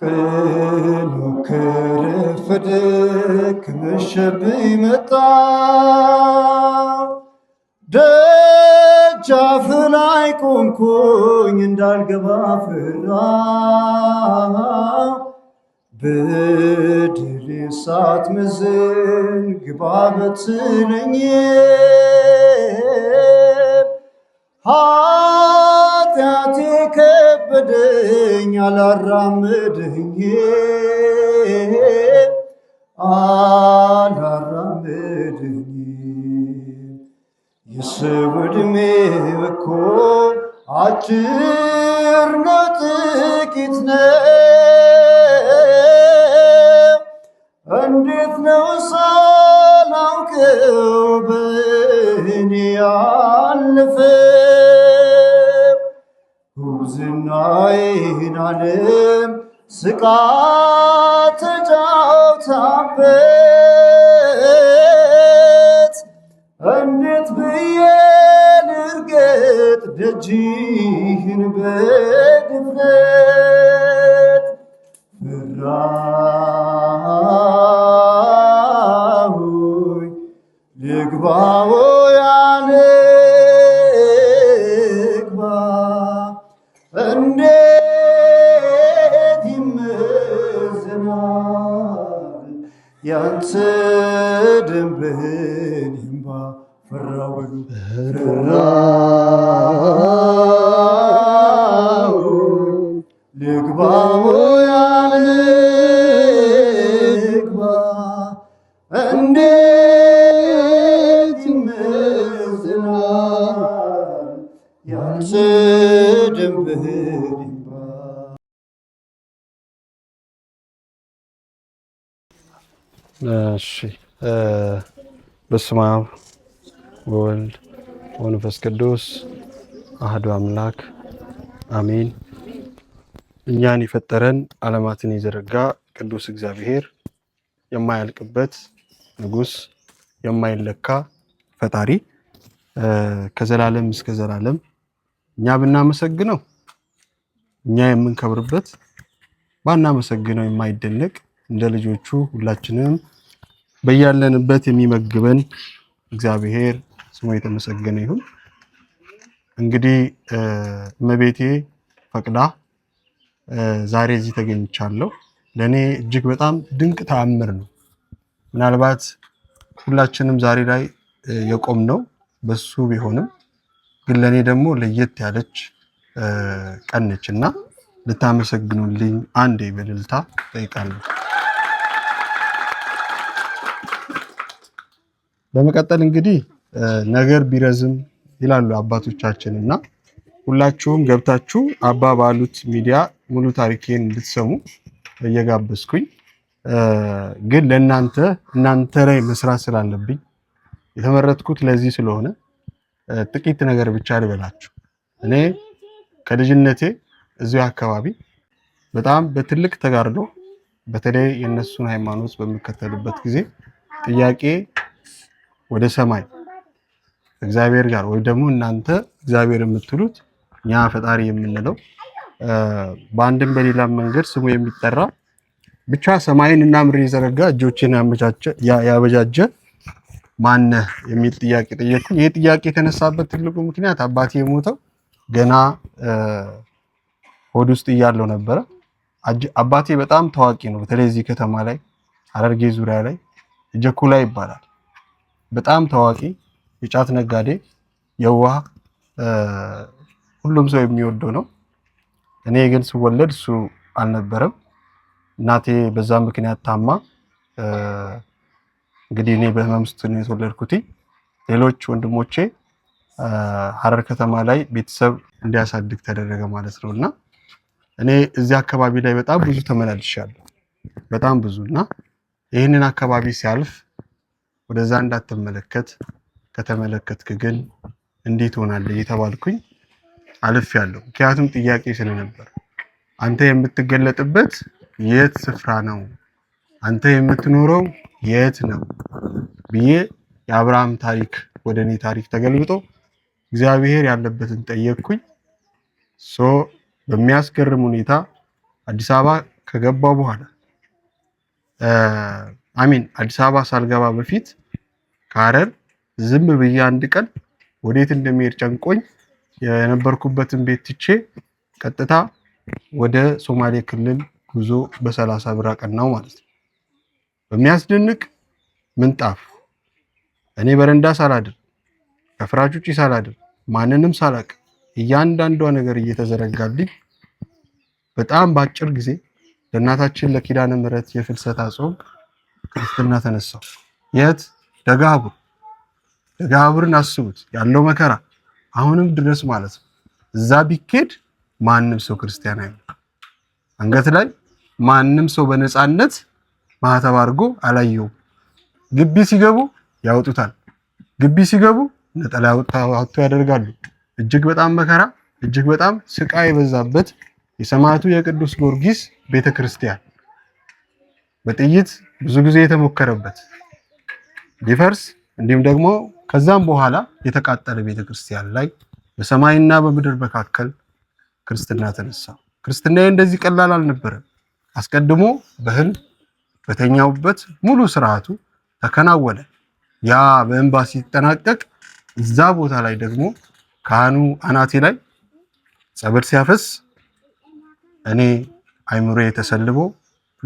ቀኑ ከረፈደ ከመሸብኝ መጣ ደጃፍ ላይ ቆምኩኝ እንዳልገባ ፍራ በድር ሳት መዝን ግባ በትነኝ አላራምድኝም አላራምድኝም የሰው ዕድሜ እኮ አጭር ነው፣ ጥቂት ነው። እንዴት ነው ሳላውቀው በእኔ ያለፈ ዝና ይህን ዓለም ስቃይ ተጫውታበት እንዴት ብዬ ልርገጥ ደጅህን በድፍረት ፍራሁኝ ልግባው በእኔም ባፈራው ፈራው ልግባ ያልግባ እንዴት መዝናል ያልስድም በእኔም እሺ በስመ አብ ወወልድ ወመንፈስ ቅዱስ አህዱ አምላክ አሜን። እኛን የፈጠረን ዓለማትን የዘረጋ ቅዱስ እግዚአብሔር የማያልቅበት ንጉስ የማይለካ ፈጣሪ ከዘላለም እስከ ዘላለም እኛ ብናመሰግነው እኛ የምንከብርበት ባናመሰግነው የማይደነቅ እንደ ልጆቹ ሁላችንም በያለንበት የሚመግበን እግዚአብሔር ስሙ የተመሰገነ ይሁን። እንግዲህ እመቤቴ ፈቅዳ ዛሬ እዚህ ተገኝቻለሁ። ለእኔ እጅግ በጣም ድንቅ ተአምር ነው። ምናልባት ሁላችንም ዛሬ ላይ የቆም ነው በሱ ቢሆንም ግን ለእኔ ደግሞ ለየት ያለች ቀን ነች እና ልታመሰግኑልኝ አንድ በእልልታ ጠይቃለሁ። በመቀጠል እንግዲህ ነገር ቢረዝም ይላሉ አባቶቻችን እና ሁላችሁም ገብታችሁ አባ ባሉት ሚዲያ ሙሉ ታሪኬን እንድትሰሙ እየጋበዝኩኝ ግን ለእናንተ እናንተ ላይ መስራት ስላለብኝ የተመረጥኩት ለዚህ ስለሆነ ጥቂት ነገር ብቻ ልበላችሁ። እኔ ከልጅነቴ እዚሁ አካባቢ በጣም በትልቅ ተጋርዶ በተለይ የእነሱን ሃይማኖት በምከተልበት ጊዜ ጥያቄ ወደ ሰማይ እግዚአብሔር ጋር ወይ ደግሞ እናንተ እግዚአብሔር የምትሉት እኛ ፈጣሪ የምንለው በአንድም በሌላም መንገድ ስሙ የሚጠራ ብቻ ሰማይን እና ምድርን የዘረጋ እጆችን ያበጃጀ ማነህ የሚል ጥያቄ ጠየቁ። ይህ ጥያቄ የተነሳበት ትልቁ ምክንያት አባቴ የሞተው ገና ሆድ ውስጥ እያለው ነበረ። አባቴ በጣም ታዋቂ ነው፣ በተለይ እዚህ ከተማ ላይ ሐረርጌ ዙሪያ ላይ ጀኩላ ይባላል። በጣም ታዋቂ የጫት ነጋዴ የዋህ ሁሉም ሰው የሚወደው ነው። እኔ ግን ስወለድ እሱ አልነበረም። እናቴ በዛ ምክንያት ታማ እንግዲህ እኔ በህመም ውስጥ ነው የተወለድኩት። ሌሎች ወንድሞቼ ሀረር ከተማ ላይ ቤተሰብ እንዲያሳድግ ተደረገ ማለት ነው እና እኔ እዚህ አካባቢ ላይ በጣም ብዙ ተመላልሻለሁ። በጣም ብዙ እና ይህንን አካባቢ ሲያልፍ ወደዛ እንዳትመለከት ከተመለከትክ ግን እንዴት ሆናለህ እየተባልኩኝ አልፍ ያለው። ምክንያቱም ጥያቄ ስለነበር አንተ የምትገለጥበት የት ስፍራ ነው፣ አንተ የምትኖረው የት ነው ብዬ የአብርሃም ታሪክ ወደ እኔ ታሪክ ተገልብጦ እግዚአብሔር ያለበትን ጠየቅኩኝ። ሶ በሚያስገርም ሁኔታ አዲስ አበባ ከገባ በኋላ አሚን አዲስ አበባ ሳልገባ በፊት ከሀረር ዝም ብዬ አንድ ቀን ወዴት እንደሚሄድ ጨንቆኝ የነበርኩበትን ቤት ትቼ ቀጥታ ወደ ሶማሌ ክልል ጉዞ በሰላሳ ብር አቀናው ማለት ነው። በሚያስደንቅ ምንጣፍ እኔ በረንዳ ሳላድር ከፍራች ውጪ ሳላድር ማንንም ሳላቅ እያንዳንዷ ነገር እየተዘረጋልኝ በጣም በአጭር ጊዜ ለእናታችን ለኪዳነ ምሕረት የፍልሰታ ጾም ክርስትና ተነሳው። የት ደጋቡር ደጋቡርን አስቡት ያለው መከራ አሁንም ድረስ ማለት ነው። እዛ ቢኬድ ማንም ሰው ክርስቲያን አይሆንም። አንገት ላይ ማንም ሰው በነፃነት ማህተብ አድርጎ አላየውም። ግቢ ሲገቡ ያወጡታል። ግቢ ሲገቡ ነጠላ አውጥቶ ያደርጋሉ። እጅግ በጣም መከራ፣ እጅግ በጣም ስቃይ የበዛበት የሰማዕቱ የቅዱስ ጊዮርጊስ ቤተክርስቲያን በጥይት ብዙ ጊዜ የተሞከረበት ሊፈርስ እንዲሁም ደግሞ ከዛም በኋላ የተቃጠለ ቤተክርስቲያን ላይ በሰማይና በምድር መካከል ክርስትና ተነሳ። ክርስትና እንደዚህ ቀላል አልነበረም። አስቀድሞ በህል በተኛውበት ሙሉ ስርዓቱ ተከናወነ። ያ በእንባ ሲጠናቀቅ እዛ ቦታ ላይ ደግሞ ካህኑ አናቴ ላይ ጸበል ሲያፈስ እኔ አይምሮ የተሰልቦ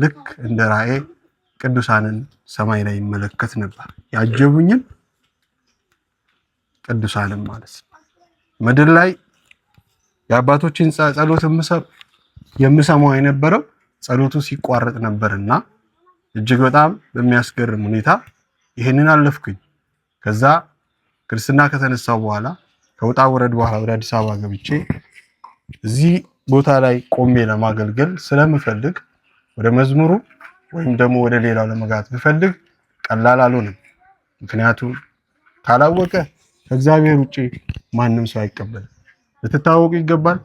ልክ እንደ ራእይ ቅዱሳንን ሰማይ ላይ ይመለከት ነበር። ያጀቡኝን ቅዱሳንን ማለት ነው። ምድር ላይ የአባቶችን ጸሎት የምሰማው የነበረው ጸሎቱ ሲቋረጥ ነበርና እጅግ በጣም በሚያስገርም ሁኔታ ይህንን አለፍኩኝ። ከዛ ክርስትና ከተነሳው በኋላ ከውጣ ወረድ በኋላ ወደ አዲስ አበባ ገብቼ እዚህ ቦታ ላይ ቆሜ ለማገልገል ስለምፈልግ ወደ መዝሙሩ ወይም ደግሞ ወደ ሌላው ለመጋት ብፈልግ ቀላል አልሆንም። ምክንያቱም ካላወቀ ከእግዚአብሔር ውጭ ማንም ሰው አይቀበልም። ልትታወቁ ይገባል።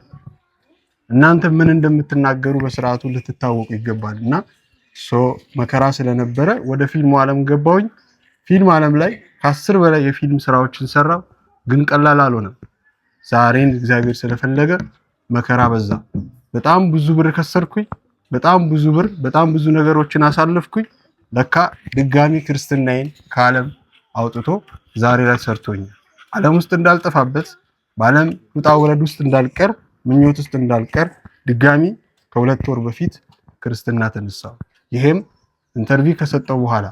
እናንተ ምን እንደምትናገሩ በስርዓቱ ልትታወቁ ይገባል። እና መከራ ስለነበረ ወደ ፊልሙ ዓለም ገባሁኝ። ፊልም ዓለም ላይ ከአስር በላይ የፊልም ስራዎችን ሰራው፣ ግን ቀላል አልሆነም። ዛሬን እግዚአብሔር ስለፈለገ መከራ በዛ። በጣም ብዙ ብር ከሰርኩኝ። በጣም ብዙ ብር በጣም ብዙ ነገሮችን አሳለፍኩኝ። ለካ ድጋሚ ክርስትናዬን ከዓለም አውጥቶ ዛሬ ላይ ሰርቶኛል። ዓለም ውስጥ እንዳልጠፋበት በዓለም ውጣ ውረድ ውስጥ እንዳልቀር ምኞት ውስጥ እንዳልቀር ድጋሚ ከሁለት ወር በፊት ክርስትና ተነሳው። ይሄም ኢንተርቪው ከሰጠው በኋላ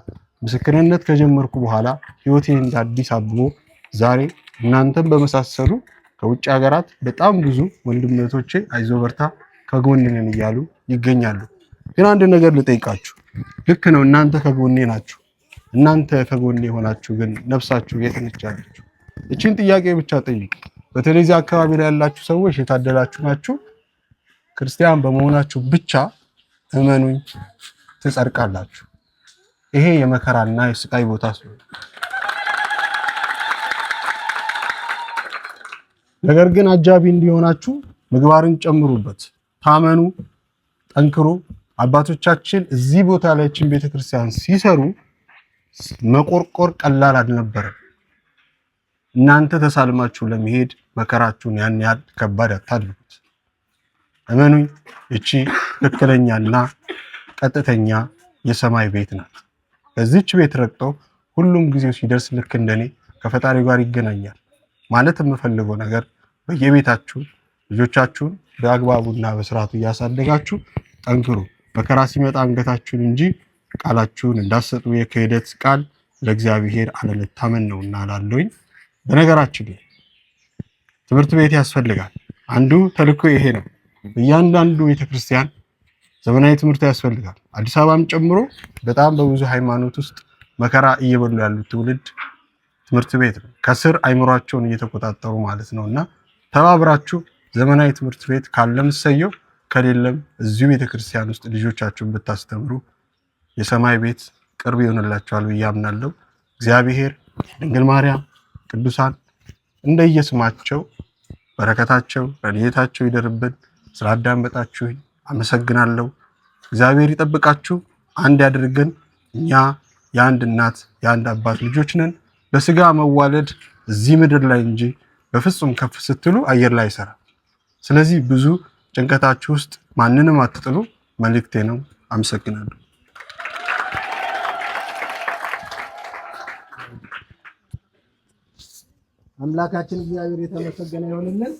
ምስክርነት ከጀመርኩ በኋላ ህይወቴን እንደ አዲስ አብቦ ዛሬ እናንተም በመሳሰሉ ከውጭ ሀገራት በጣም ብዙ ወንድምነቶቼ አይዞ በርታ ከጎንንን እያሉ ይገኛሉ። ግን አንድ ነገር ልጠይቃችሁ። ልክ ነው፣ እናንተ ከጎኔ ናችሁ። እናንተ ከጎኔ የሆናችሁ ግን ነፍሳችሁ የት ነች ያለችው? እቺን ጥያቄ ብቻ ጠይቅ። በተለይ እዚህ አካባቢ ላይ ያላችሁ ሰዎች የታደላችሁ ናችሁ። ክርስቲያን በመሆናችሁ ብቻ እመኑኝ ትጸድቃላችሁ። ይሄ የመከራና የስቃይ ቦታ ስለሆነ ነገር ግን አጃቢ እንዲሆናችሁ ምግባርን ጨምሩበት። ታመኑ፣ ጠንክሩ። አባቶቻችን እዚህ ቦታ ላይ ይህችን ቤተክርስቲያን ሲሰሩ መቆርቆር ቀላል አልነበረም። እናንተ ተሳልማችሁ ለመሄድ መከራችሁን ያን ያህል ከባድ አታድርጉት። እመኑኝ፣ እቺ ትክክለኛና ቀጥተኛ የሰማይ ቤት ናት። በዚች ቤት ረግጠው ሁሉም ጊዜው ሲደርስ ልክ እንደኔ ከፈጣሪ ጋር ይገናኛል። ማለት የምፈልገው ነገር በየቤታችሁ ልጆቻችሁን በአግባቡና በስርዓቱ እያሳደጋችሁ ጠንክሩ። መከራ ሲመጣ አንገታችሁን እንጂ ቃላችሁን እንዳሰጡ የክህደት ቃል ለእግዚአብሔር አለመታመን ነውና ላለውኝ። በነገራችን ላይ ትምህርት ቤት ያስፈልጋል። አንዱ ተልእኮ ይሄ ነው። እያንዳንዱ ቤተክርስቲያን ዘመናዊ ትምህርት ያስፈልጋል። አዲስ አበባም ጨምሮ በጣም በብዙ ሃይማኖት ውስጥ መከራ እየበሉ ያሉት ትውልድ ትምህርት ቤት ነው። ከስር አይምሯቸውን እየተቆጣጠሩ ማለት ነው እና ተባብራችሁ ዘመናዊ ትምህርት ቤት ካለም ሰየው፣ ከሌለም እዚሁ ቤተክርስቲያን ውስጥ ልጆቻችሁን ብታስተምሩ የሰማይ ቤት ቅርብ ይሆንላችኋል ብዬ አምናለሁ። እግዚአብሔር ድንግል ማርያም ቅዱሳን እንደየስማቸው በረከታቸው ረድኤታቸው ይደርብን። ስላዳመጣችሁ አመሰግናለሁ። እግዚአብሔር ይጠብቃችሁ፣ አንድ ያድርግን። እኛ የአንድ እናት የአንድ አባት ልጆች ነን። በስጋ መዋለድ እዚህ ምድር ላይ እንጂ በፍጹም ከፍ ስትሉ አየር ላይ አይሰራም። ስለዚህ ብዙ ጭንቀታችሁ ውስጥ ማንንም አትጥሉ፣ መልእክቴ ነው። አመሰግናለሁ። አምላካችን እግዚአብሔር የተመሰገነ ይሆንልን።